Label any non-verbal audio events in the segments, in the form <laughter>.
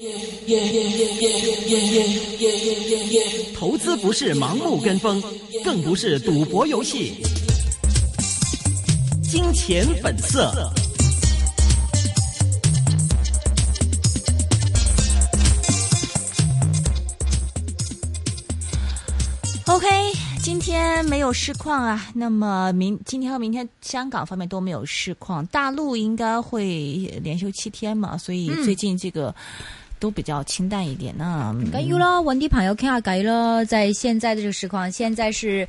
Yeah, yeah, yeah, yeah, yeah, yeah, yeah, yeah. 投資不是盲目跟風，更不是賭博遊戲。金錢本色。OK，今天沒有市況啊。那麼明今天和明天香港方面都沒有市況，大陸應該會連休七天嘛。所以最近這個。嗯都比較清淡一點呢。那改優咯，揾啲朋友傾下偈咯。在現在的這個實況，現在是。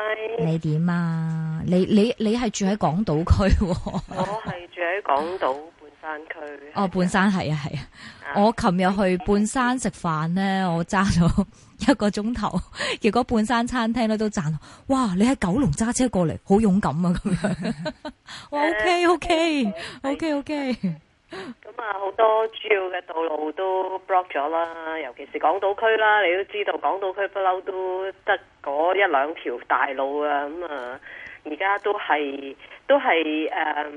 Hi. 你點啊？你你你係住喺港島區、啊？我係住喺港島半山區。 <laughs> 哦，半山係啊係啊。啊 <laughs> 我琴日去半山食飯咧，我揸咗一個鐘頭，結果半山餐廳咧都讚。哇！你喺九龍揸車過嚟，好勇敢啊！咁樣、 <laughs> yeah. 哇，OK OK OK OK, okay。Okay. Okay. Okay, okay. 咁、嗯、啊，好多主要嘅道路都 block 咗啦，尤其是港島區啦，你都知道港島區不嬲都得嗰一兩條大路啊，咁、嗯、啊，而家都係都係誒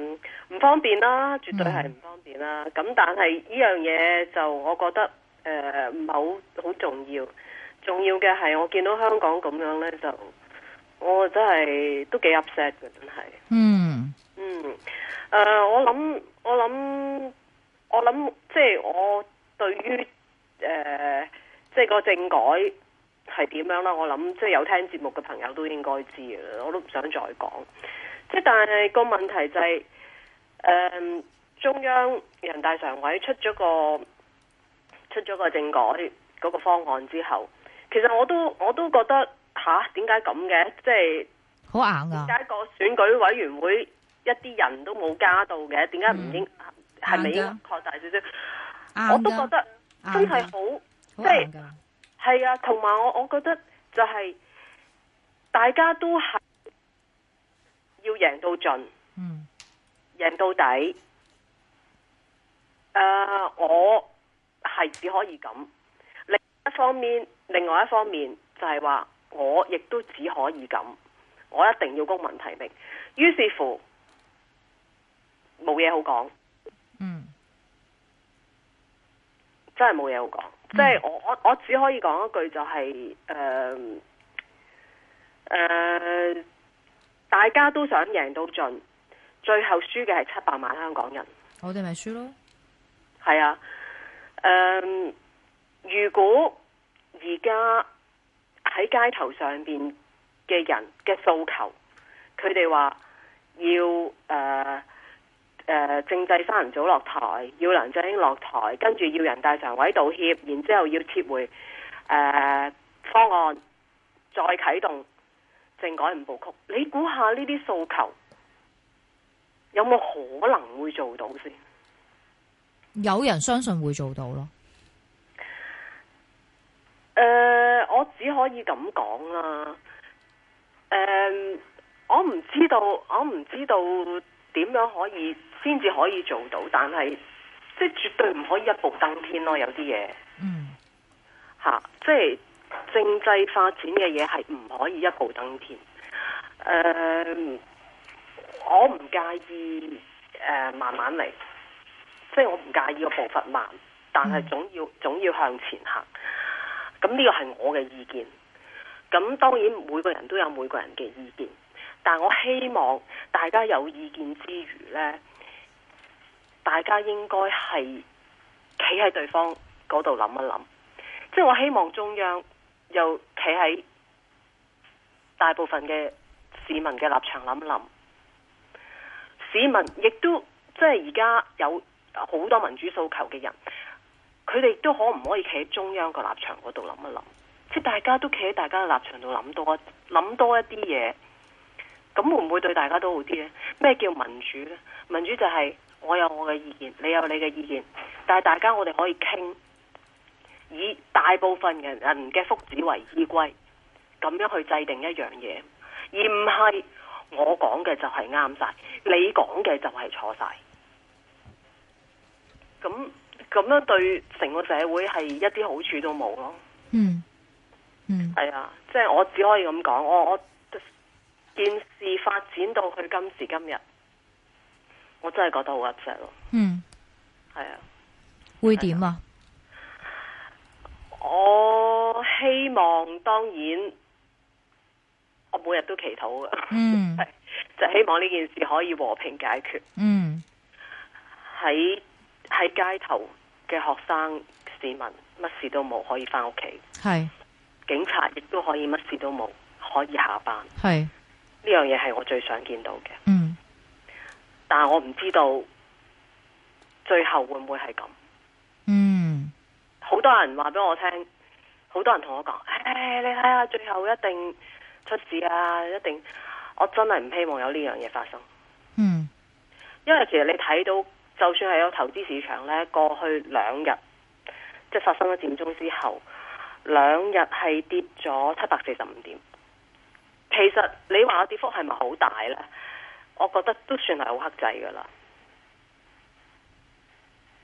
唔方便啦，絕對係唔方便啦。咁、嗯、但係呢樣嘢就我覺得誒唔係好好重要，重要嘅係我見到香港咁樣咧，就我真、就、係、是、都幾 upset 嘅，真係。嗯。嗯，誒、呃，我諗我諗我諗，即係我對於誒、呃，即係個政改係點樣啦？我諗即係有聽節目嘅朋友都應該知嘅，我都唔想再講。即係但係個問題就係、是，誒、呃，中央人大常委出咗個出咗個政改嗰個方案之後，其實我都我都覺得吓，點解咁嘅？即係好硬啊！點解個選舉委員會？一啲人都冇加到嘅，為什麼不嗯、的點解唔應？係咪應？擴大少少？我都覺得真係好，即係係啊！同埋我，我覺得就係、是、大家都係要贏到盡，嗯，贏到底。誒、呃，我係只可以咁。另一方面，另外一方面就係話，我亦都只可以咁。我一定要公民提名。於是乎。冇嘢好講，嗯，真係冇嘢好講，嗯，即係我我我只可以講一句就係誒誒，大家都想贏到盡，最後輸嘅係七百萬香港人，我哋咪輸咯，係啊，誒，呃，如果而家喺街頭上邊嘅人嘅訴求，佢哋話要誒。呃誒、呃，政制三人組落台，要梁振英落台，跟住要人大常委道歉，然之後要撤回誒、呃、方案，再啟動政改五部曲。你估下呢啲訴求有冇可能會做到先？有人相信會做到咯。誒、呃，我只可以咁講啦。誒、呃，我唔知道，我唔知道點樣可以。先至可以做到，但係即係絕對唔可以一步登天咯。有啲嘢，嗯，吓、啊，即係政制發展嘅嘢係唔可以一步登天。誒、呃，我唔介意誒、呃、慢慢嚟，即係我唔介意個步伐慢，但係總要總要向前行。咁呢個係我嘅意見。咁當然每個人都有每個人嘅意見，但係我希望大家有意見之餘呢。大家應該係企喺對方嗰度諗一諗，即係我希望中央又企喺大部分嘅市民嘅立場諗一諗，市民亦都即係而家有好多民主訴求嘅人，佢哋都可唔可以企喺中央個立場嗰度諗一諗？即係大家都企喺大家嘅立場度諗多諗多一啲嘢，咁會唔會對大家都好啲呢？咩叫民主呢？民主就係。我有我嘅意見，你有你嘅意見，但係大家我哋可以傾，以大部分嘅人嘅福祉為依歸，咁樣去制定一樣嘢，而唔係我講嘅就係啱晒，你講嘅就係錯晒。咁咁樣對成個社會係一啲好處都冇咯。嗯嗯，係啊，即係我只可以咁講，我我件事發展到佢今時今日。我真係覺得好 upset 咯。嗯，係啊，會點啊？我希望當然，我每日都祈禱嘅。嗯， <laughs> 就希望呢件事可以和平解決。嗯，喺喺街頭嘅學生市民乜事都冇可以返屋企。係警察亦都可以乜事都冇可以下班。係呢樣嘢係我最想見到嘅。嗯。但我唔知道最後會唔會係咁。嗯，好多人話俾我聽，好多人同我講，誒，你睇下最後一定出事啊！一定，我真係唔希望有呢樣嘢發生。嗯，因為其實你睇到，就算係有投資市場呢，過去兩日即係發生咗佔中之後，兩日係跌咗七百四十五點。其實你話個跌幅係咪好大呢？我覺得都算係好克制噶啦、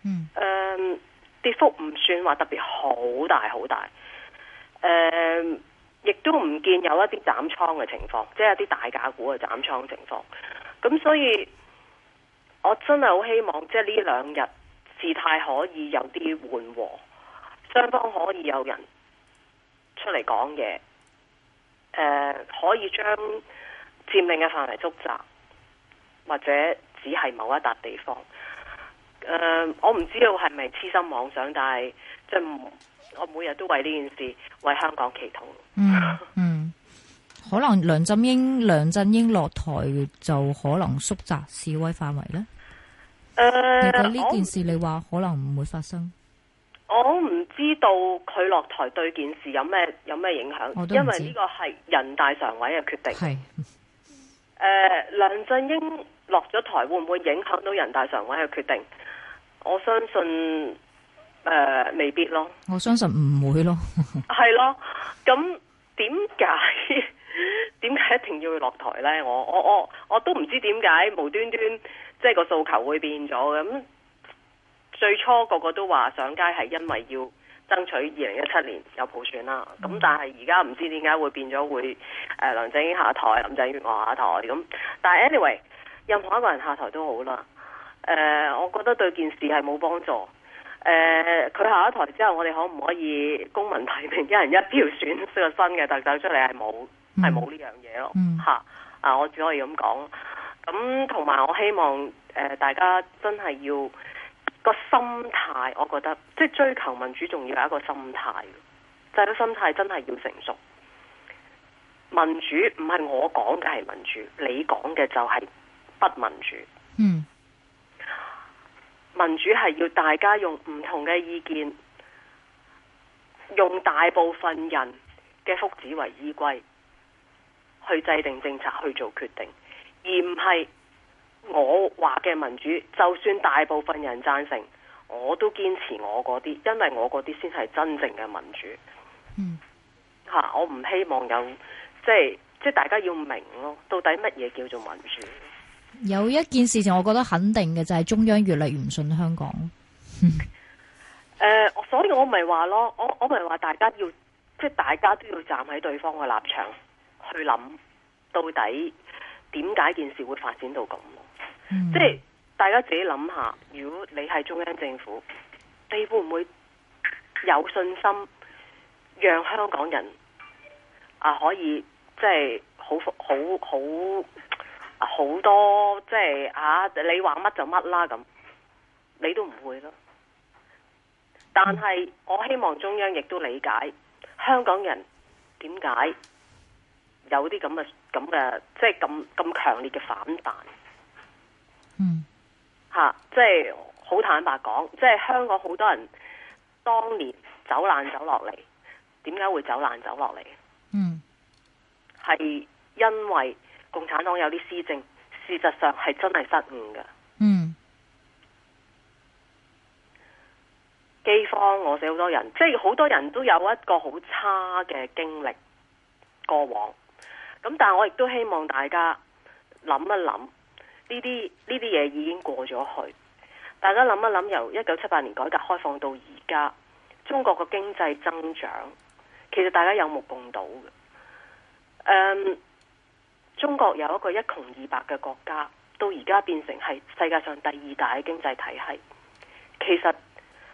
嗯。嗯。跌幅唔算話特別好大好大。誒，亦都唔見有一啲斬倉嘅情況，即、就、係、是、一啲大價股嘅斬倉情況。咁所以，我真係好希望即係呢兩日事態可以有啲緩和，雙方可以有人出嚟講嘢。誒、嗯，可以將佔領嘅範圍縮窄。或者只係某一笪地方，誒、呃，我唔知道係咪痴心妄想，但係即係我每日都為呢件事為香港祈禱。嗯，嗯，可能梁振英梁振英落台就可能縮窄示威範圍呢、呃、其實，呢件事你話可能唔會發生？我唔知道佢落台對件事有咩有咩影響，因為呢個係人大常委嘅決定。係、呃、梁振英。落咗台會唔會影響到人大常委嘅決定？我相信誒、呃、未必咯。我相信唔會咯。係 <laughs> 咯。咁點解點解一定要落台呢？我我我我都唔知點解無端端即係、就是、個訴求會變咗嘅。咁最初個個都話上街係因為要爭取二零一七年有普選啦。咁、嗯、但係而家唔知點解會變咗會誒、呃、梁振英下台，林鄭月娥下台。咁但係 anyway。任何一個人下台都好啦，誒、呃，我覺得對件事係冇幫助。誒、呃，佢下咗台之後，我哋可唔可以公民提名一人一票選選個新嘅特首出嚟？係冇，係冇呢樣嘢咯。嚇、嗯，啊，我只可以咁講。咁同埋我希望誒、呃、大家真係要、那個心態，我覺得即係、就是、追求民主，仲要有一個心態，就係、是、個心態真係要成熟。民主唔係我講嘅係民主，你講嘅就係、是。不民主。嗯，民主係要大家用唔同嘅意見，用大部分人嘅福祉為依歸，去制定政策，去做決定，而唔係我話嘅民主。就算大部分人贊成，我都堅持我嗰啲，因為我嗰啲先係真正嘅民主。嗯，吓，啊，我唔希望有即係即係大家要明咯，到底乜嘢叫做民主？有一件事情，我覺得肯定嘅就係中央越嚟越唔信香港。 <laughs> uh, 所以我唔係話咯，我我唔係話大家要，即係大家都要站喺對方嘅立場去諗，到底點解件事會發展到咁，即係大家自己諗下，如果你係中央政府，你會唔會有信心讓香港人啊可以即係好好好？就是好多即係吓，你話乜就乜啦咁，你都唔會咯。但係我希望中央亦都理解香港人點解有啲咁嘅咁嘅，即係咁咁強烈嘅反彈。嗯，吓、啊，即係好坦白講，即係香港好多人當年走難走落嚟，點解會走難走落嚟？嗯，係因為。共產黨有啲施政，事實上係真係失誤噶。嗯，饑荒我死好多人，即係好多人都有一個好差嘅經歷過往。咁但係我亦都希望大家諗一諗呢啲呢啲嘢，已經過咗去了。大家諗一諗，由一九七八年改革開放到而家，中國個經濟增長，其實大家有目共睹嘅。嗯。中國有一個一窮二白嘅國家，到而家變成係世界上第二大嘅經濟體系，其實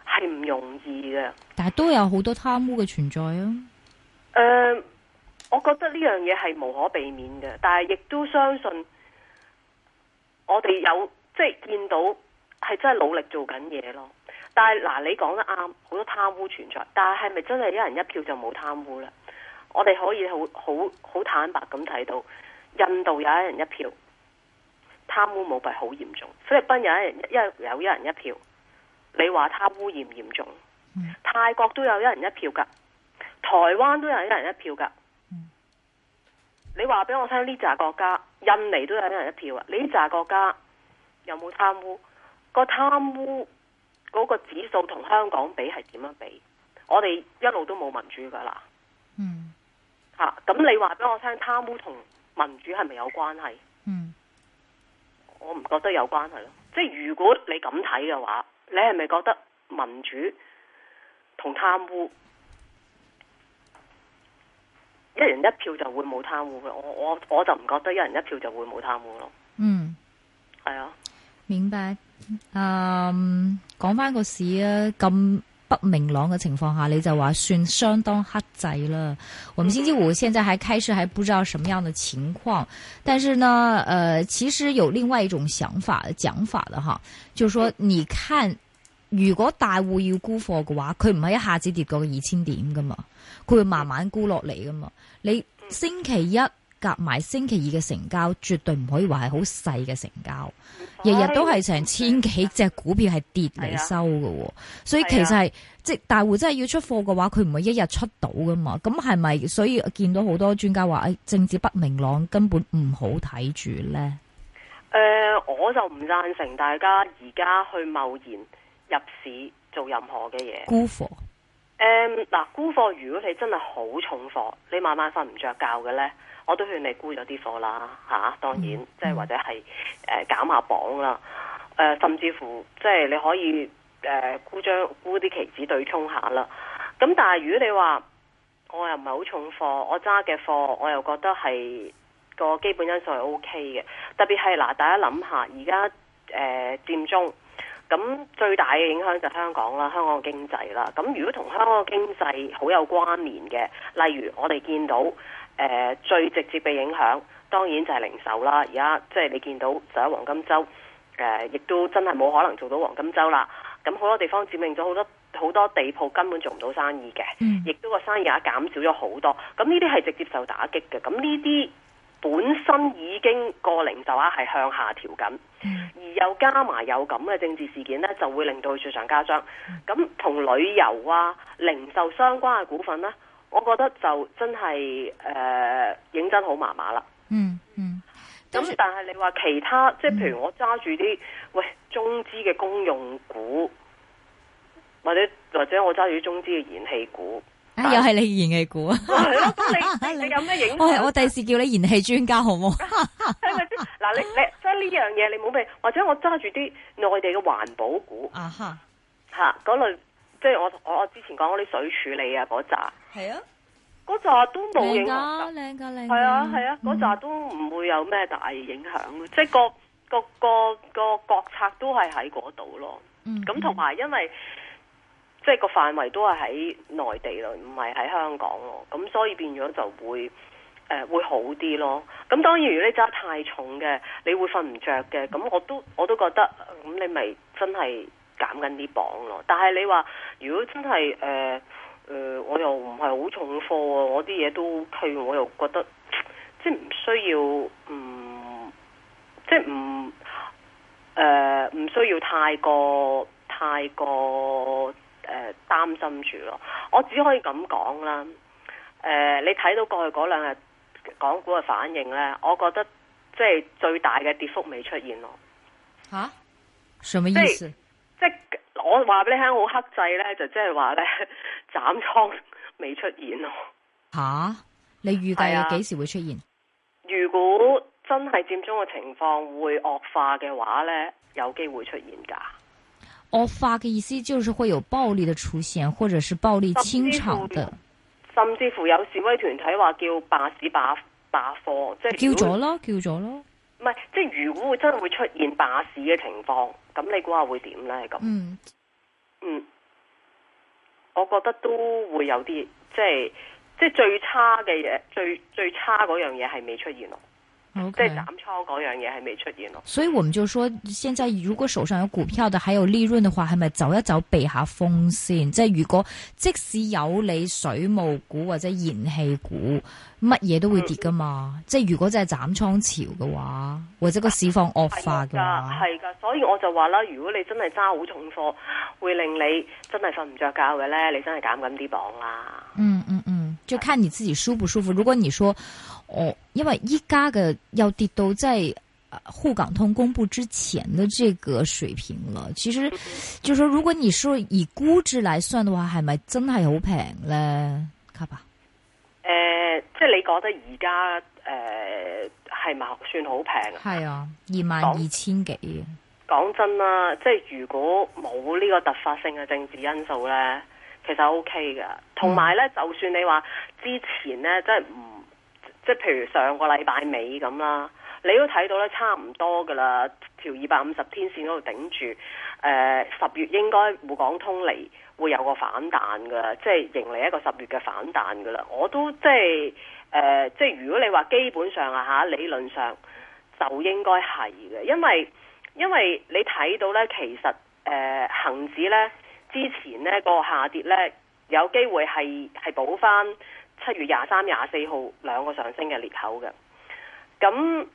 係唔容易嘅。但係都有好多貪污嘅存在啊。Uh, 我覺得呢樣嘢係無可避免嘅，但係亦都相信我哋有即係、就是、見到係真係努力做緊嘢咯。但係嗱，你講得啱，好多貪污存在，但係係咪真係一人一票就冇貪污啦？我哋可以好好好坦白咁睇到。印度有一人一票，貪污舞弊好嚴重。菲律賓有一人一有一人一票，你話貪污嚴唔嚴重？嗯？泰國都有一人一票噶，台灣都有一人一票噶，嗯。你話俾我聽呢扎國家，印尼都有一人一票啊！你呢扎國家有冇貪污？個貪污嗰個指數同香港比係點樣比？我哋一路都冇民主噶啦。嗯，吓、啊，咁你話俾我聽貪污同？民主係咪有關係？嗯，我唔覺得有關係咯。即係如果你咁睇嘅話，你係咪覺得民主同貪污一人一票就會冇貪污嘅？我我我就唔覺得一人一票就會冇貪污咯。嗯，係啊，明白。嗯，講翻個市啊，咁。明朗嘅情況下，你就話算相當克制啦。我們星期五現在還開始還不知道什麼樣的情況。但是呢，誒、呃，其實有另外一種想法講法的哈，就是說，你看如果大戶要沽貨嘅話，佢唔係一下子跌過二千點噶嘛，佢會慢慢沽落嚟噶嘛。你星期一。夾埋星期二嘅成交，絕對唔可以話係好細嘅成交。日、哎、日都係成千幾隻股票係跌嚟收㗎，所以其實係即係大戶真係要出貨嘅話，佢唔會一日出到噶嘛。咁係咪？所以見到好多專家話，誒、哎，政治不明朗，根本唔好睇住呢。誒、呃，我就唔贊成大家而家去貿然入市做任何嘅嘢沽貨。誒，嗱、呃，沽、呃、貨，如果你真係好重貨，你慢慢瞓唔着覺嘅呢。我都勸你沽咗啲貨啦、啊，當然，即係或者係誒、呃、減下磅啦、呃，甚至乎即係你可以誒沽張沽啲期指對沖下啦。咁但係如果你話我又唔係好重貨，我揸嘅貨我又覺得係個基本因素係 O K 嘅。特別係嗱，大家諗下而家誒佔中，咁最大嘅影響就係香港啦，香港經濟啦。咁如果同香港經濟好有關聯嘅，例如我哋見到。誒、呃，最直接嘅影響當然就係零售啦。而家即係你見到，就喺黃金周，誒、呃，亦都真係冇可能做到黃金周啦。咁好多地方佔領咗好多好多地鋪，根本做唔到生意嘅，亦、嗯、都個生意額減少咗好多。咁呢啲係直接受打擊嘅。咁呢啲本身已經個零售額係向下調緊，嗯、而又加埋有咁嘅政治事件呢，就會令到佢雪上加霜。咁同旅遊啊、零售相關嘅股份呢。我覺得就真係誒、呃、認真好麻麻啦。嗯嗯。咁、嗯、但係你話其他，即係譬如我揸住啲喂中資嘅公用股，或者或者我揸住啲中資嘅燃氣股，啊、又係你燃氣股啊？咁 <laughs> 你你，你，你有咩影響？ <laughs> 我第時叫你燃氣專家好唔好？嗱你你即呢樣嘢，你冇畀？或者我揸住啲內地嘅環保股啊嚇嗰類即係我我我之前講嗰啲水處理啊，嗰扎係啊，嗰扎都冇影響。靚係啊，係啊，嗰扎，啊嗯，都唔會有咩大影響，即係個個個個國策都係喺嗰度咯。咁同埋因為即係，就是，個範圍都係喺內地咯，唔係喺香港咯。咁所以變咗就會誒，呃，會好啲咯。咁當然如果你揸太重嘅，你會瞓唔着嘅。咁我都我都覺得，咁你咪真係。減緊啲磅咯，但係你話如果真係誒誒，我又唔係好重貨，我啲嘢都 O K，我又覺得即係唔需要，嗯，即係唔誒唔需要太過太過誒呃、擔心住咯。我只可以咁講啦。誒、呃，你睇到過去嗰兩日港股嘅反應咧，我覺得即係最大嘅跌幅未出現咯。吓、啊，什麼意思？即係我話俾你聽，好克制咧，就即係話咧，斬倉未出現咯。吓，你預計有幾時會出現？啊、如果真係佔中嘅情況會惡化嘅話咧，有機會出現噶。惡化嘅意思就是會有暴力嘅出現，或者是暴力清場嘅。甚至乎有示威團體話叫罷市罷、罷罷課，即係叫咗啦，叫咗啦。唔係，即係如果會真係會出現罷市嘅情況。咁你估下會點咧？咁嗯嗯，我覺得都會有啲，即係即係最差嘅嘢，最最差嗰樣嘢係未出現咯。Okay. 即係斬倉嗰樣嘢係未出現咯，所以我們就說，現在如果手上有股票的，還有利潤的話，係咪走一走避一下風險？即係如果即使有你水務股或者燃氣股，乜嘢都會跌噶嘛？嗯、即係如果真係斬倉潮嘅話，或者個市況惡化嘅話，係、啊、噶，所以我就話啦，如果你真係揸好重貨，會令你真係瞓唔着覺嘅咧，你真係減緊啲磅啦。嗯嗯嗯，就看你自己舒不舒服。如果你說。哦，因為依家嘅又跌到在滬港通公布之前的這個水平了。其實，就是說如果你說以估值來算的話，係咪真係好平咧？卡下，誒，即係你覺得而家誒係咪算好平啊？係啊，二萬二千幾。講真啦，即係如果冇呢個突發性嘅政治因素咧，其實 O K 噶。同埋咧，就算你話之前咧，真係唔。即係譬如上個禮拜尾咁啦，你都睇到咧，差唔多噶啦，條二百五十天線嗰度頂住。誒、呃、十月應該會講通嚟，會有個反彈噶，即係迎嚟一個十月嘅反彈噶啦。我都即係誒，即係、呃、如果你話基本上啊嚇，理論上就應該係嘅，因為因為你睇到咧，其實誒、呃、恆指咧之前咧、個下跌咧有機會係係補翻。七月廿三、廿四號兩個上升嘅裂口嘅，咁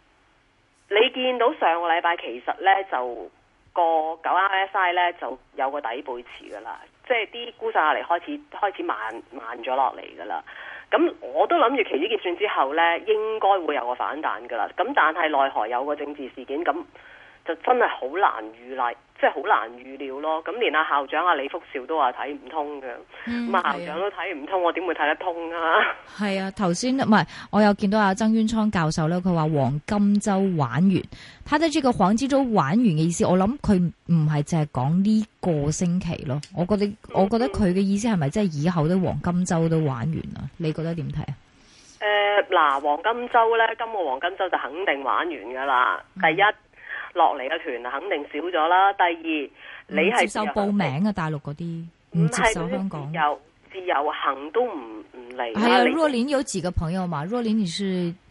你見到上個禮拜其實呢，就個九 R S I 呢就有個底背馳嘅啦，即係啲沽售壓力開始開始慢慢咗落嚟嘅啦。咁我都諗住期指結算之後呢，應該會有個反彈嘅啦。咁但係奈何有個政治事件咁。真係好難預例，即係好難預料咯。咁連阿校長阿李福兆都話睇唔通嘅，咁、嗯、啊校長都睇唔通，我點會睇得通是啊？係啊，頭先唔係我有見到阿曾淵滄教授咧，佢話黃金周玩完，睇得住個黃金周玩完嘅意思。我諗佢唔係淨係講呢個星期咯。我覺得，我覺得佢嘅意思係咪即係以後都黃金周都玩完啊？你覺得點睇啊？誒、呃，嗱，黃金周咧，今個黃金周就肯定玩完噶啦。第、嗯、一。落嚟嘅團肯定少咗啦。第二，你係接受報名啊，大陸嗰啲唔接受香港。自由，自由行都唔唔嚟。係啊，若琳有幾個朋友嘛？若琳你是？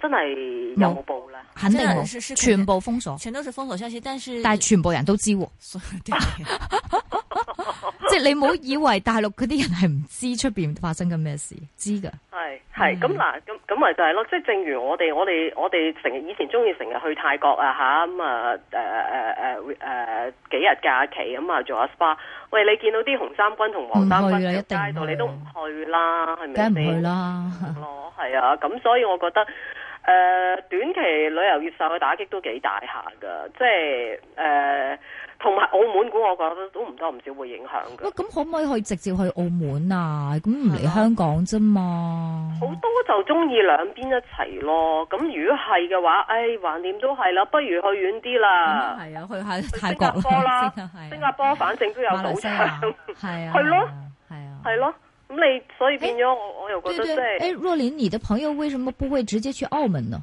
真係有冇報啦，肯定全部封鎖，全都是封鎖消息，但係全部人都知喎， <laughs> 對的 <laughs> <laughs> <laughs> 即係你唔好以為大陸嗰啲人係唔知出邊發生緊咩事，知㗎。係咁嗱，咁咁咪就係、是、咯，即、就、係、是、正如我哋我哋我哋成日以前中意成日去泰國啊吓，咁啊誒誒誒誒誒幾日假期咁啊做阿 SPA，喂，你見到啲紅衫軍同黃衫軍喺街度，你都唔去啦，係咪？梗係唔去啦，咯係啊，咁所以我覺得誒、呃、短期旅遊業受嘅打擊都幾大下噶，即係誒。呃同埋澳門股，我覺得都唔多唔少會影響嘅。咁、啊、可唔可以去直接去澳門啊？咁唔嚟香港啫嘛。好多就中意兩邊一齊咯。咁如果係嘅話，唉，橫掂都係啦，不如去遠啲啦。係啊，去去，泰國去新加坡啦，新加坡、啊、新加坡反正都有賭場係啊。去咯。係啊。係咯、啊，咁、啊啊啊、你所以變咗，我、欸、我又覺得即係。誒、欸，若琳，你的朋友為什麼不會直接去澳門呢？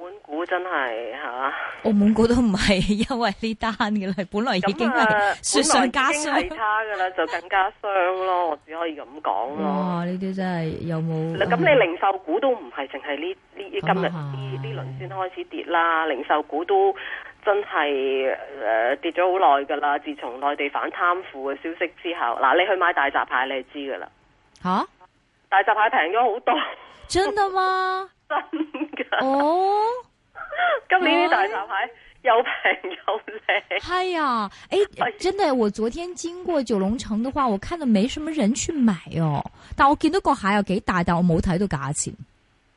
真係吓，澳門股都唔係因為呢單嘅啦，本來已經係雪上加霜、嗯啊。本來已經係差噶啦，就更加傷咯，我只可以咁講咯。呢啲真係有冇？咁你零售股都唔係淨係呢呢今日呢呢輪先開始跌啦，零售股都真係誒、呃、跌咗好耐噶啦。自從內地反貪腐嘅消息之後，嗱、啊，你去買大閘蟹，你就知噶啦。吓、啊，大閘蟹平咗好多。真的嗎？真噶。哦。今年啲大閘蟹又平又靚、 <laughs> 哎，係啊！誒，真係，我昨天經過九龍城的話，我看到沒什麼人去買哦，但我見到個蟹有幾大，但我冇睇到價錢。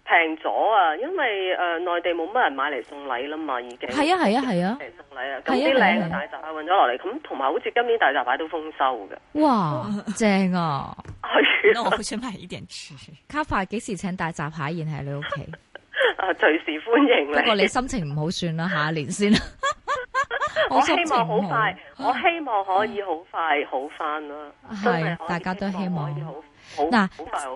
平咗啊，因為誒內、呃、地冇乜人買嚟送禮啦嘛，已經係啊係啊係啊，送禮啊，咁啲靚嘅大閘蟹運咗落嚟，咁同埋好似今年大閘蟹都豐收嘅。哇、哦，正啊！去， <laughs> 那我去買一點食。 <laughs> 卡牌幾時請大閘蟹宴喺你屋企？OK? <laughs> 啊，隨時歡迎、哦。不過你心情唔好算了，算啦，下一年先哈哈哈哈。 <laughs> 我，我希望好快，我希望可以好快好翻啦。係、嗯，大家都希望。希望可以好，啊、好，那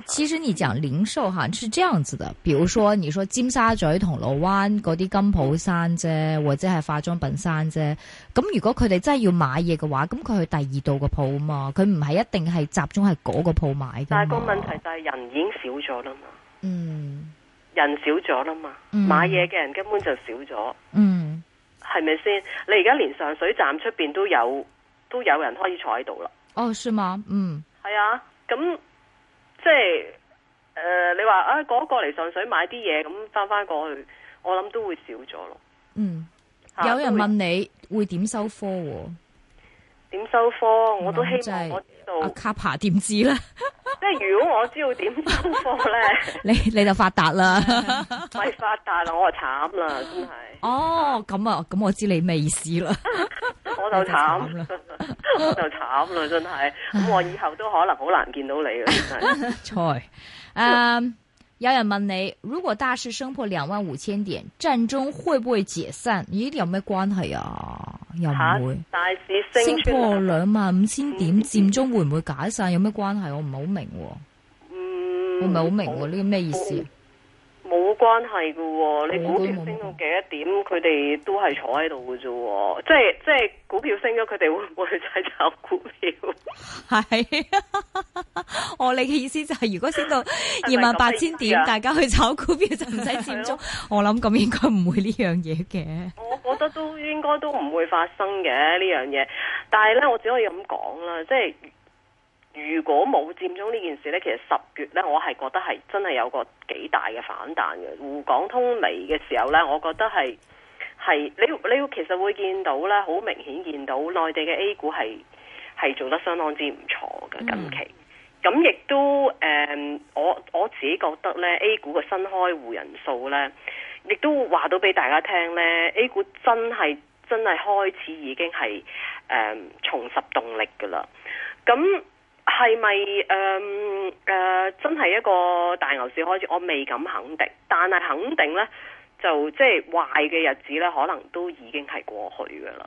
其實你講零售行是這樣子的。比如說，你說尖沙咀、銅鑼灣嗰啲金鋪、山啫，或者係化妝品山啫。咁如果佢哋真係要買嘢嘅話，咁佢去第二度個鋪嘛，佢唔係一定係集中喺嗰個鋪買。但係個問題就係人已經少咗啦嘛。嗯。人少咗啦嘛，嗯、買嘢嘅人根本就少咗，係咪先？你而家連上水站出邊都有都有人可以坐喺度啦。哦，是嗎？嗯，係啊，咁即係誒、呃，你話啊，過嚟上水買啲嘢，咁翻翻過去，我諗都會少咗咯。嗯、啊，有人問你會點收科？點收科？我都希望我。阿卡帕點知咧？即係如果我知道點功課咧， <laughs> 你你就發達啦 <laughs> 唔係發達我就慘啦，真係。哦，咁啊，咁我知你未試啦， <laughs> 我就慘慘啦， <laughs> 我就慘啦，真係。咁我以後都可能好難見到你啦，真係。菜 <laughs> <laughs> ！Um, 有人問你，如果大市升破兩萬五千點，佔中會不會解散？咦，有咩關係啊？又唔會。大市升，升破兩萬五千點，佔、嗯、中會唔會解散？有咩關係？我唔係好明喎。嗯。我唔係好明喎，呢個咩意思？嗯嗯冇關係㗎喎，你股票升到幾多點，佢哋都係坐喺度㗎。啫喎，即係即係股票升咗，佢哋會唔會去再炒股票？係、啊，我你嘅意思就係如果升到二萬八千點是是，大家去炒股票就唔使佔中，我諗咁應該唔會呢樣嘢嘅。我覺得都應該都唔會發生嘅呢樣嘢，但係咧，我只可以咁講啦，即係。如果冇佔中呢件事呢，其實十月呢，我係覺得係真係有個幾大嘅反彈嘅。滬港通嚟嘅時候呢，我覺得係係你你其實會見到呢，好明顯見到內地嘅 A 股係係做得相當之唔錯嘅近期。咁、嗯、亦都誒、嗯，我我自己覺得呢 A 股嘅新開戶人數呢，亦都話到俾大家聽呢 A 股真係真係開始已經係、嗯、重拾動力噶啦。咁係咪誒誒真係一個大牛市開始？我未敢肯定，但係肯定呢，就即係壞嘅日子呢，可能都已經係過去噶啦。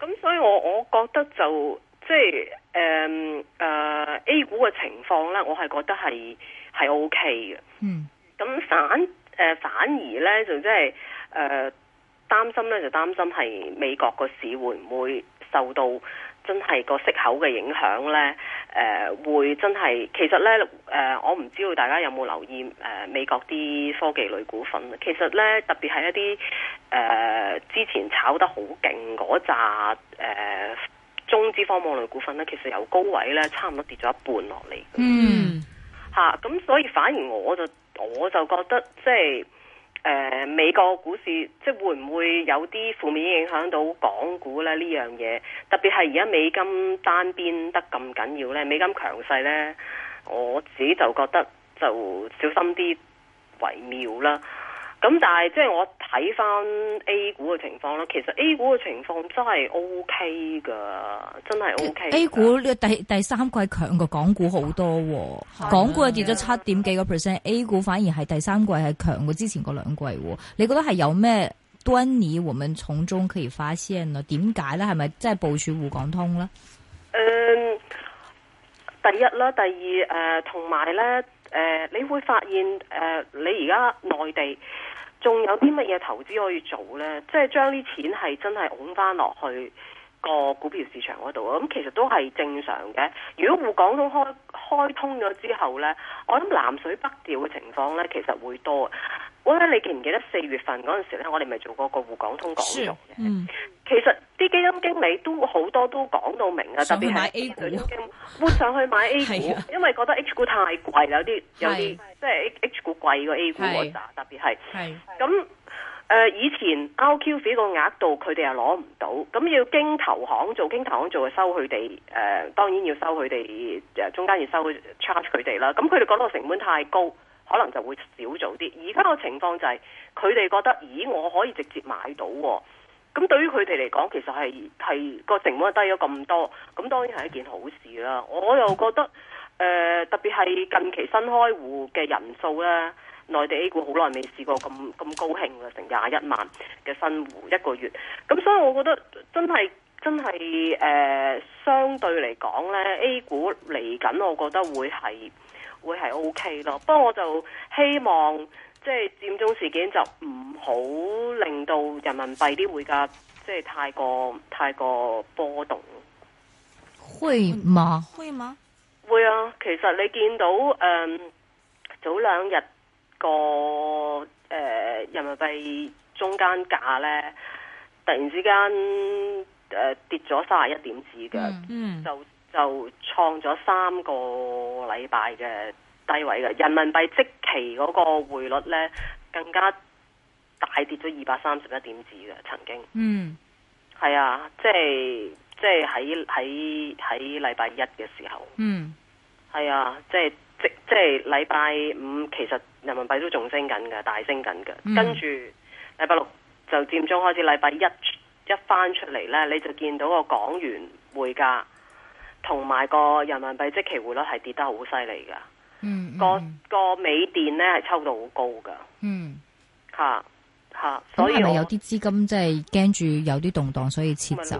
咁、嗯、所以我我覺得就即係、呃呃、A 股嘅情況呢，我係覺得係 O K 嘅。咁、OK 嗯、反、呃、反而呢，就即係誒、呃、擔心呢，就擔心係美國個市會唔會受到？真係個息口嘅影響呢，誒、呃、會真係其實呢，呃、我唔知道大家有冇留意、呃、美國啲科技類股份。其實呢，特別係一啲、呃、之前炒得好勁嗰扎誒中資科網類股份呢，其實由高位呢，差唔多跌咗一半落嚟。嗯，咁、啊、所以反而我就我就覺得即係。誒、呃、美國股市即係會唔會有啲負面影響到港股咧？呢樣嘢特別係而家美金單邊得咁緊要咧，美金強勢咧，我自己就覺得就小心啲為妙啦。咁但係即係我睇翻 A 股嘅情況啦，其實 A 股嘅情況真係 O K 噶，真係 O K。A 股呢第第三季強過港股好多，港股係跌咗七點幾個 percent，A 股反而係第三季係強過之前嗰兩季。你覺得係有咩端倪？我們從中可以發現呢？點解咧？係咪即係部署滬港通咧？誒、嗯，第一啦，第二誒，同埋咧誒，你會發現誒、呃，你而家內地。仲有啲乜嘢投資可以做呢？即係將啲錢係真係揞翻落去個股票市場嗰度啊！咁其實都係正常嘅。如果滬港通開開通咗之後呢，我諗南水北調嘅情況呢，其實會多。我咧，你記唔記得四月份嗰陣時咧，我哋咪做過個滬港通講座。嘅？嗯，其實啲基金經理都好多都講到明特別想買 A 股都兼，會上去買 A 股、 <laughs> 啊，因為覺得 H 股太貴啦，有啲有啲即係 H 股貴過 A 股嗰扎，特別係。咁、呃、以前 RQF 個額度佢哋又攞唔到，咁要經投行做，經投行做就收佢哋、呃、當然要收佢哋中間要收 charge 佢哋啦。咁佢哋覺得成本太高。可能就會少做啲。而家個情況就係佢哋覺得，咦，我可以直接買到喎。咁對於佢哋嚟講，其實係係個成本低咗咁多。咁當然係一件好事啦。我又覺得，呃、特別係近期新開戶嘅人數咧，內地 A 股好耐未試過咁咁高興啦，成廿一萬嘅新戶一個月。咁所以，我覺得真係真係、呃、相對嚟講咧，A 股嚟緊，我覺得會係。會係 O K 咯，不過我就希望即係、就是、佔中事件就唔好令到人民幣啲匯價即係太過太過波動。會嗎？會嗎？會啊！其實你見到誒、呃、早兩日個誒、呃、人民幣中間價呢，突然之間誒、呃、跌咗三十一點子嘅、嗯，嗯，就。就創咗三個禮拜嘅低位嘅，人民幣即期嗰個匯率咧更加大跌咗二百三十一點子嘅，曾經。嗯，係啊，即係即係喺喺喺禮拜一嘅時候。嗯，係啊，即係、即係即即係禮拜五，其實人民幣都仲升緊嘅，大升緊嘅、嗯。跟住禮拜六就佔中開始，禮拜一一翻出嚟咧，你就見到個港元匯價。同埋個人民幣即期匯率係跌得好犀利㗎，個、嗯、個美電呢係抽到好高㗎，嚇、嗯、嚇，咁係咪有啲資金即係驚住有啲動盪，所以撤走？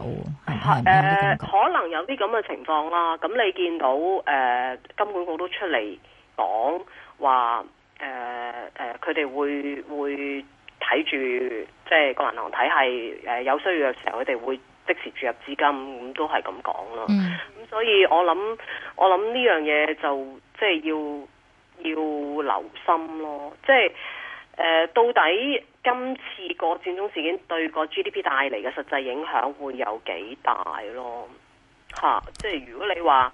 嚇、嗯啊、可能有啲咁嘅情況啦。咁你見到誒、呃、金管局都出嚟講話誒誒，佢哋、呃呃、會會睇住即係個銀行體系誒、呃、有需要嘅時候，佢哋會，即時注入資金，咁都係咁講咯。咁、嗯、所以我諗，我諗呢樣嘢就即係要要留心咯。即係誒、呃，到底今次個佔中事件對個 GDP 帶嚟嘅實際影響會有幾大咯？嚇、啊！即係如果你話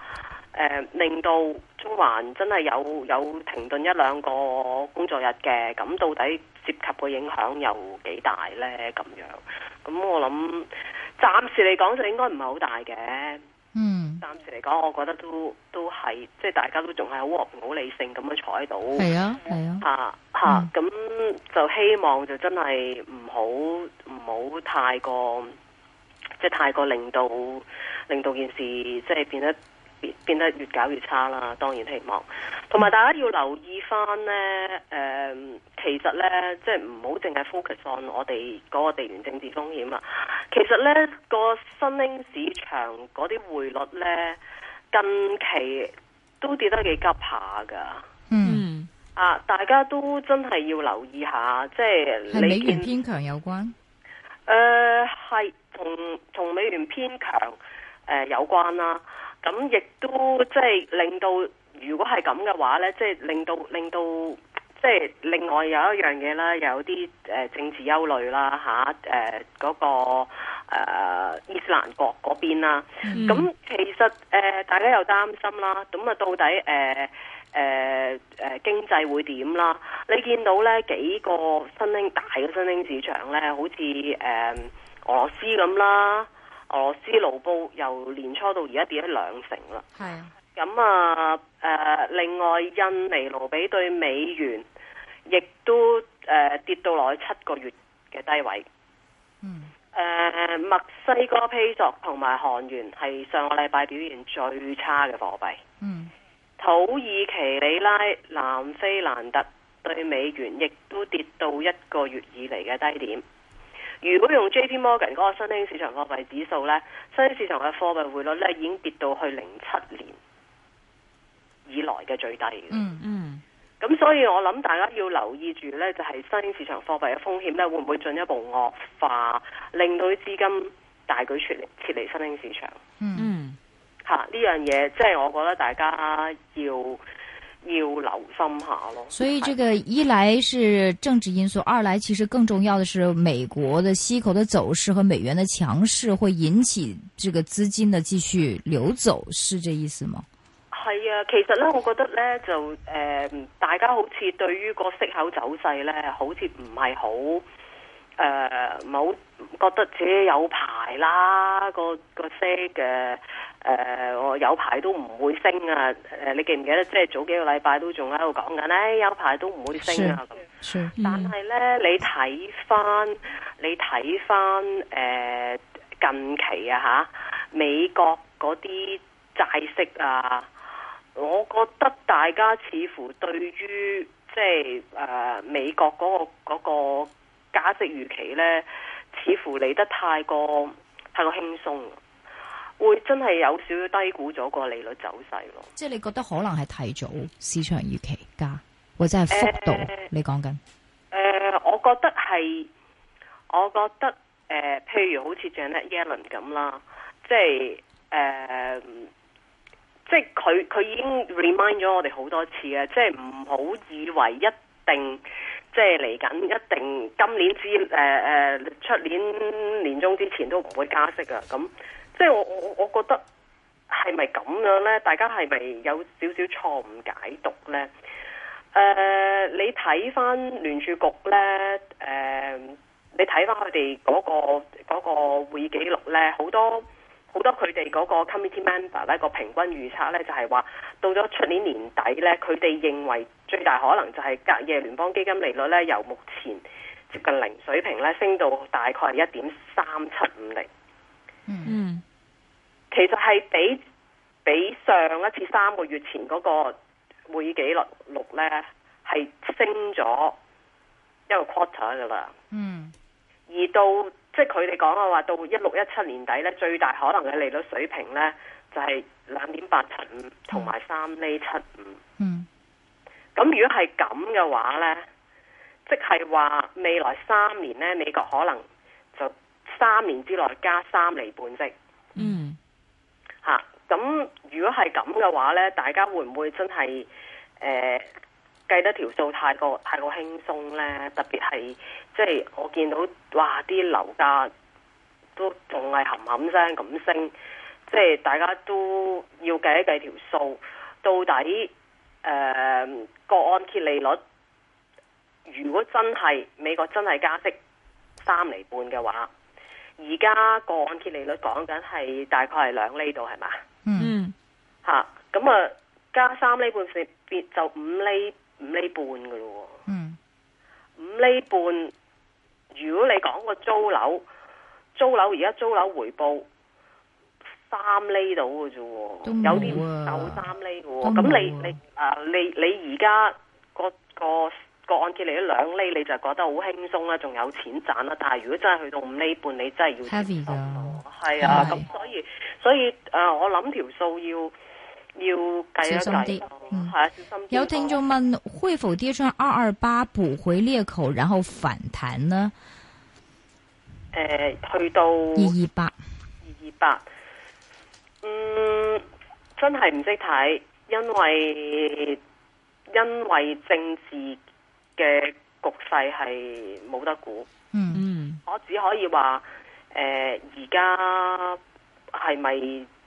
誒、呃，令到中環真係有有停頓一兩個工作日嘅，咁到底涉及嘅影響有幾大呢？咁樣，咁、嗯、我諗。暫時嚟講就應該唔係好大嘅，嗯，暫時嚟講我覺得都都係，即係大家都仲係好和平、好理性咁樣坐喺度，係啊，係啊，吓吓、啊，咁、嗯啊、就希望就真係唔好唔好太過，即、就、係、是、太過令到令到件事即係變得。變得越搞越差啦，當然希望。同埋大家要留意返呢，誒、呃，其實呢，即係唔好淨係 focus on 我哋嗰個地緣政治風險啊。其實呢，個新興市場嗰啲匯率呢，近期都跌得幾急下噶。嗯，啊，大家都真係要留意下，即係你見係美元偏強有關。誒、呃，係同同美元偏強誒、呃、有關啦。咁亦都即係令到，如果係咁嘅話呢，即係令到令到，即係另外有一樣嘢啦，有啲誒政治憂慮啦嚇，誒嗰個誒伊斯蘭國嗰邊啦。咁、嗯、其實誒大家又擔心啦，咁啊到底誒誒誒經濟會點啦？你見到呢幾個新興大嘅新興市場呢，好似誒俄羅斯咁啦。俄羅斯盧布由年初到而家跌咗兩成啦。係啊。咁啊，啊、呃，另外印尼盧比對美元亦都、呃、跌到落去七個月嘅低位、嗯呃。墨西哥披索同埋韓元係上個禮拜表現最差嘅貨幣、嗯。土耳其里拉、南非蘭特對美元亦都跌到一個月以嚟嘅低點。如果用 J.P.Morgan 嗰個新興市場貨幣指數呢，新興市場嘅貨幣匯率已經跌到去零七年以來嘅最低。嗯嗯，咁所以我諗大家要留意住呢就係新興市場貨幣嘅風險咧，會唔會進一步惡化，令到啲資金大舉出嚟撤離新興市場？嗯、mm -hmm. 啊，嚇呢樣嘢，即係我覺得大家要。要留心下咯。所以，這個一來是政治因素，二來其實更重要的是美國的息口的走勢和美元的強勢會引起這個資金的繼續流走，是這意思嗎？係啊，其實咧，我覺得咧就誒、呃，大家好似對於個息口走勢咧，好似唔係好誒，唔、呃、好覺得自己有排啦，個個息嘅。誒、呃，我有排都唔會升啊！誒，你記唔記得？即係早幾個禮拜都仲喺度講緊，誒，有排都唔會升啊！嗯、但係咧，你睇翻，你睇翻，誒、呃，近期啊吓，美國嗰啲債息啊，我覺得大家似乎對於即係誒、呃、美國嗰、嗰個、嗰個加息預期咧，似乎嚟得太過太過輕鬆。會真係有少少低估咗個利率走勢咯，即係你覺得可能係提早市場預期加，嗯、或者係幅度？呃、你講緊？誒、呃，我覺得係，我覺得誒、呃，譬如好似 Janet Yellen 咁啦，即係誒、呃，即係佢佢已經 remind 咗我哋好多次啊，即係唔好以為一定，即係嚟緊一定今年之誒誒出年年中之前都唔會加息噶咁。即係我我我覺得係咪咁樣呢？大家係咪有少少錯誤解讀呢？誒、呃，你睇返聯儲局呢，誒、呃，你睇返佢哋嗰個嗰、那個會議記錄呢，好多好多佢哋嗰個 committee member 呢個平均預測呢，就係、是、話到咗出年年底呢，佢哋認為最大可能就係隔夜聯邦基金利率呢，由目前接近零水平呢，升到大概係一點三七五零。嗯嗯。其實係比比上一次三個月前嗰個會議紀錄咧，係升咗一個 quarter 噶啦。嗯。而到即係佢哋講嘅話，到一六一七年底咧，最大可能嘅利率水平咧，就係兩點八七五同埋三厘七五。嗯。咁如果係咁嘅話咧，即係話未來三年咧，美國可能就三年之內加三厘半息。咁如果係咁嘅話呢，大家會唔會真係誒計得條數太過太過輕鬆呢？特別係即係我見到哇啲樓價都仲係冚冚聲咁升，即係大家都要計一計條數，到底誒個按揭利率如果真係美國真係加息三厘半嘅話，而家個按揭利率講緊係大概係兩厘度係嘛？是嗯，吓、嗯、咁啊，加三厘半變就五厘五厘半噶咯。嗯，五厘半，如果你講個租樓，租樓而家租樓回報三厘到噶啫，有啲有三厘噶。咁你你啊，你你而家個個個按揭嚟咗兩厘，你就覺得好輕鬆啦，仲有錢賺啦。但係如果真係去到五厘半，你真係要，heavy 噶，係啊，咁所以。所以誒、呃，我諗條數要要計一計，係小心啲，嗯啊、小心啲。有聽眾問：會否跌穿二二八補回裂口，然後反彈呢？誒、呃，去到二二八，二二八，嗯，真係唔識睇，因為因為政治嘅局勢係冇得估。嗯嗯，我只可以話誒，呃、而家。係咪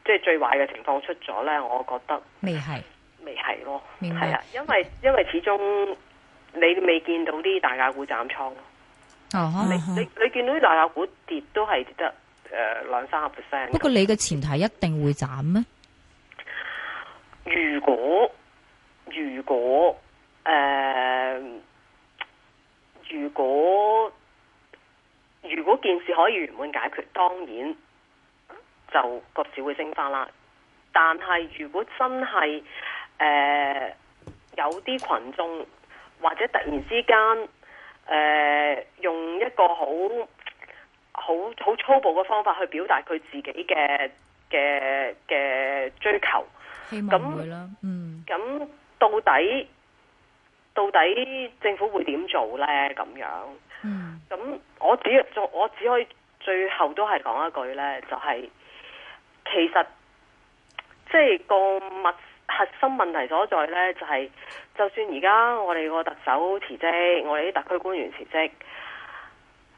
即係最壞嘅情況出咗呢？我覺得未係，未係咯，係啊，因為因為始終你未見到啲大價股斬倉、oh, oh, oh. 你你見到啲大價股跌都係跌得誒兩三 percent。不過你嘅前提一定會斬咩？如果如果、呃、如果如果件事可以圓滿解決，當然。就各自會升返啦。但係如果真係誒、呃、有啲群眾或者突然之間誒、呃、用一個好好好粗暴嘅方法去表達佢自己嘅嘅嘅追求，咁咁、嗯、到底到底政府會點做咧？咁樣，咁、嗯、我只我只可以最後都係講一句咧，就係、是。其實即係、就是、個物核心問題所在呢，就係、是、就算而家我哋個特首辭職，我哋啲特區官員辭職，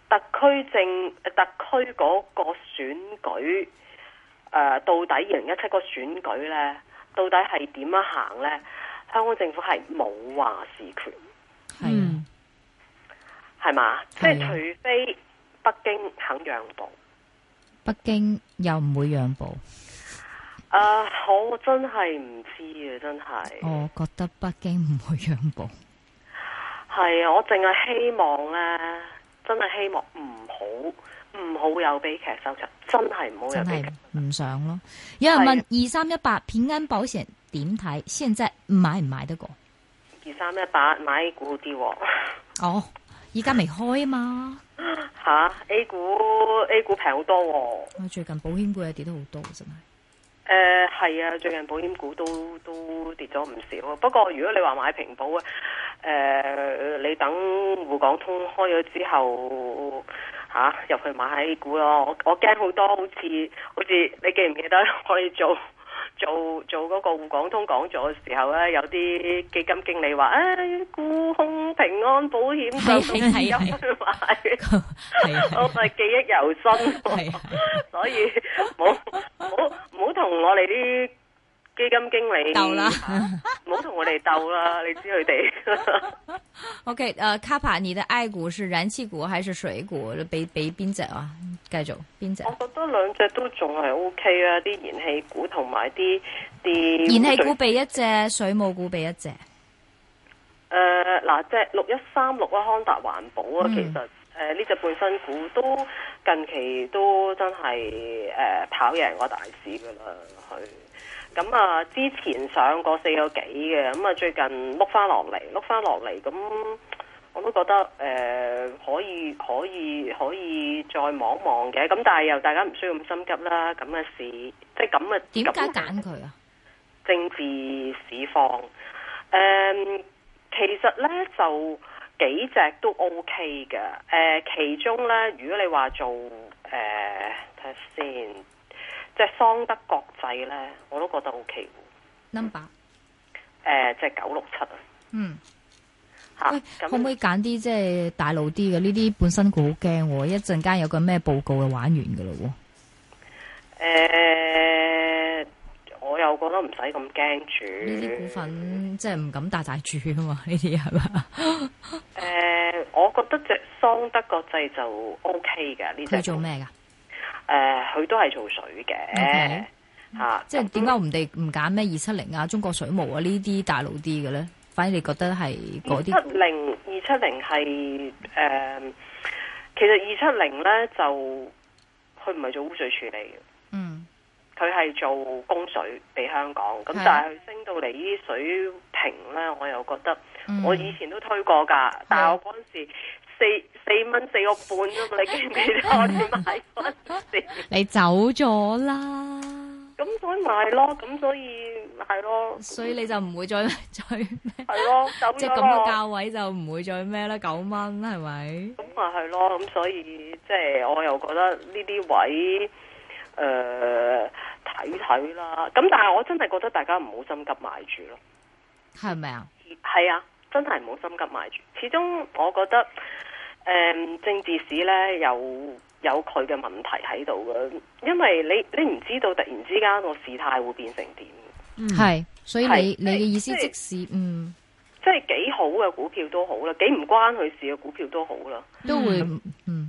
特區政誒特區嗰個選舉、呃、到底二零一七個選舉呢，到底係點樣行呢？香港政府係冇話事權，係係嘛？即係、啊、除非北京肯讓步。北京又唔會讓步。誒，uh，我真係唔知啊，真係。我覺得北京唔會讓步。係啊，我淨係希望咧，真係希望唔好，唔好有悲劇收場，真係唔好有悲劇。真係唔想咯。有人問二三一八平安保險點睇先？啫，買唔買得過？二三一八買股好啲喎。哦。Oh. 依家未開嘛啊嘛，嚇 A 股 A 股平好多喎，啊，最近保險股又跌得好多真，啊、係。誒，呃、係啊，最近保險股都都跌咗唔少。不過如果你話買平保啊，誒，呃、你等滬港通開咗之後嚇入，啊、去買 A 股咯。我我驚好多，好似好似你記唔記得我哋做做做嗰個滬港通講座嘅時候咧，有啲基金經理話誒，啊、股。安保險就到基金買，是是是是是 <laughs> 我係記憶猶新，是是是是所以冇冇冇同我哋啲基金經理鬥啦，冇同我哋鬥啦，你知佢哋。 <laughs> OK，誒，卡帕你嘅 I 股是燃氣股還是水股？你畀畀邊隻啊？繼續邊隻？我覺得兩隻都仲係 OK 啊，啲燃氣股同埋啲啲燃氣股畀一隻，水務股畀一隻。誒嗱，即係六一三六啊，康達環保啊、嗯，其實誒呢隻半新股都近期都真係誒、呃、跑贏個大市㗎啦，係咁、嗯、啊！之前上過四個幾嘅，咁、嗯、啊最近碌翻落嚟，碌翻落嚟，咁我都覺得誒、呃、可以可以可以再望一望嘅，咁但係又大家唔需要咁心急啦。咁嘅市即係咁啊，點解揀佢啊？政治市況誒。嗯其實咧就幾隻都 O K 嘅，誒、呃，其中咧如果你話做誒睇、呃、下先，即、就、係、是、桑德國際咧，我都覺得 O、OK、K number，誒、呃，即係九六七啊。嗯。吓，咁可唔可以揀啲即係大路啲嘅？呢啲本身佢好驚，一陣間有個咩報告嘅玩完噶啦。誒、呃。我都唔使咁驚住，呢啲股份即係唔敢大大住噶嘛？呢啲係嘛？誒，uh, 我覺得隻桑德國際就 O K 嘅。佢做咩噶？誒，佢都係做水嘅。吓、okay. uh, 即係點解我唔哋唔揀咩二七零啊、中國水務啊呢啲大陸啲嘅咧？反而你覺得係嗰啲？二七零、二七零係誒，其實二七零咧就佢唔係做污水處理嘅。嗯。佢係做供水俾香港，咁但係升到嚟呢水平咧，我又覺得我以前都推過噶、嗯，但係我嗰陣時四四蚊四個半啫嘛，你記唔記得我哋買嗰時？ <laughs> 你走咗啦！咁所以買咯，咁所以係咯，所以你就唔會再再？係咯，走咗咯。即係咁嘅價位就唔會再咩啦，九蚊啦，係咪？咁啊係咯，咁、即係、所以即係、即係、我又覺得呢啲位。誒、呃，睇睇啦，咁但係我真係覺得大家唔好心急買住咯，係咪啊？係啊，真係唔好心急買住。始終我覺得，誒、呃，政治史咧有有佢嘅問題喺度嘅，因為你你唔知道突然之間個事態會變成點。嗯，係，所以你你嘅意思，即使嗯，即係幾好嘅股票都好啦，幾唔關佢事嘅股票都好啦，都會、嗯嗯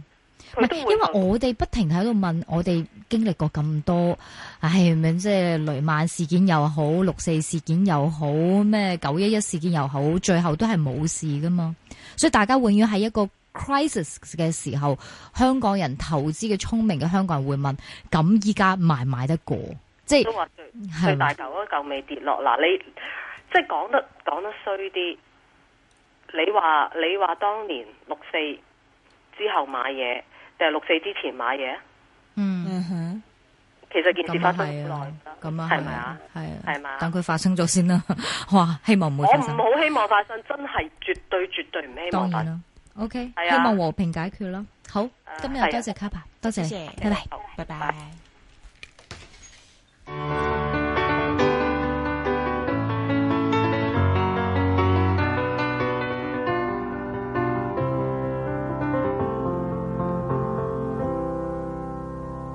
因為我哋不停喺度問，我哋經歷過咁多，唉、哎，即係雷曼事件又好，六四事件又好，咩九一一事件又好，最後都係冇事噶嘛。所以大家永遠喺一個 crisis 嘅時候，香港人投資嘅聰明嘅香港人會問：咁依家買唔買得過？即係都話最大舊嗰舊，舊未跌落嗱，你即係講得講得衰啲，你話你話當年六四之後買嘢，定係六四之前買嘢，嗯哼，其實件事發生咁耐，咁、嗯、啊係咪啊係係嘛，等佢發生咗先啦。哇，希望唔會發生，我唔好希望發生，真係絕對絕對唔希望。當然啦，OK，、啊、希望和平解決啦。好，今日多謝，謝卡牌，多謝，謝，謝，謝，拜拜，拜拜。Bye bye bye bye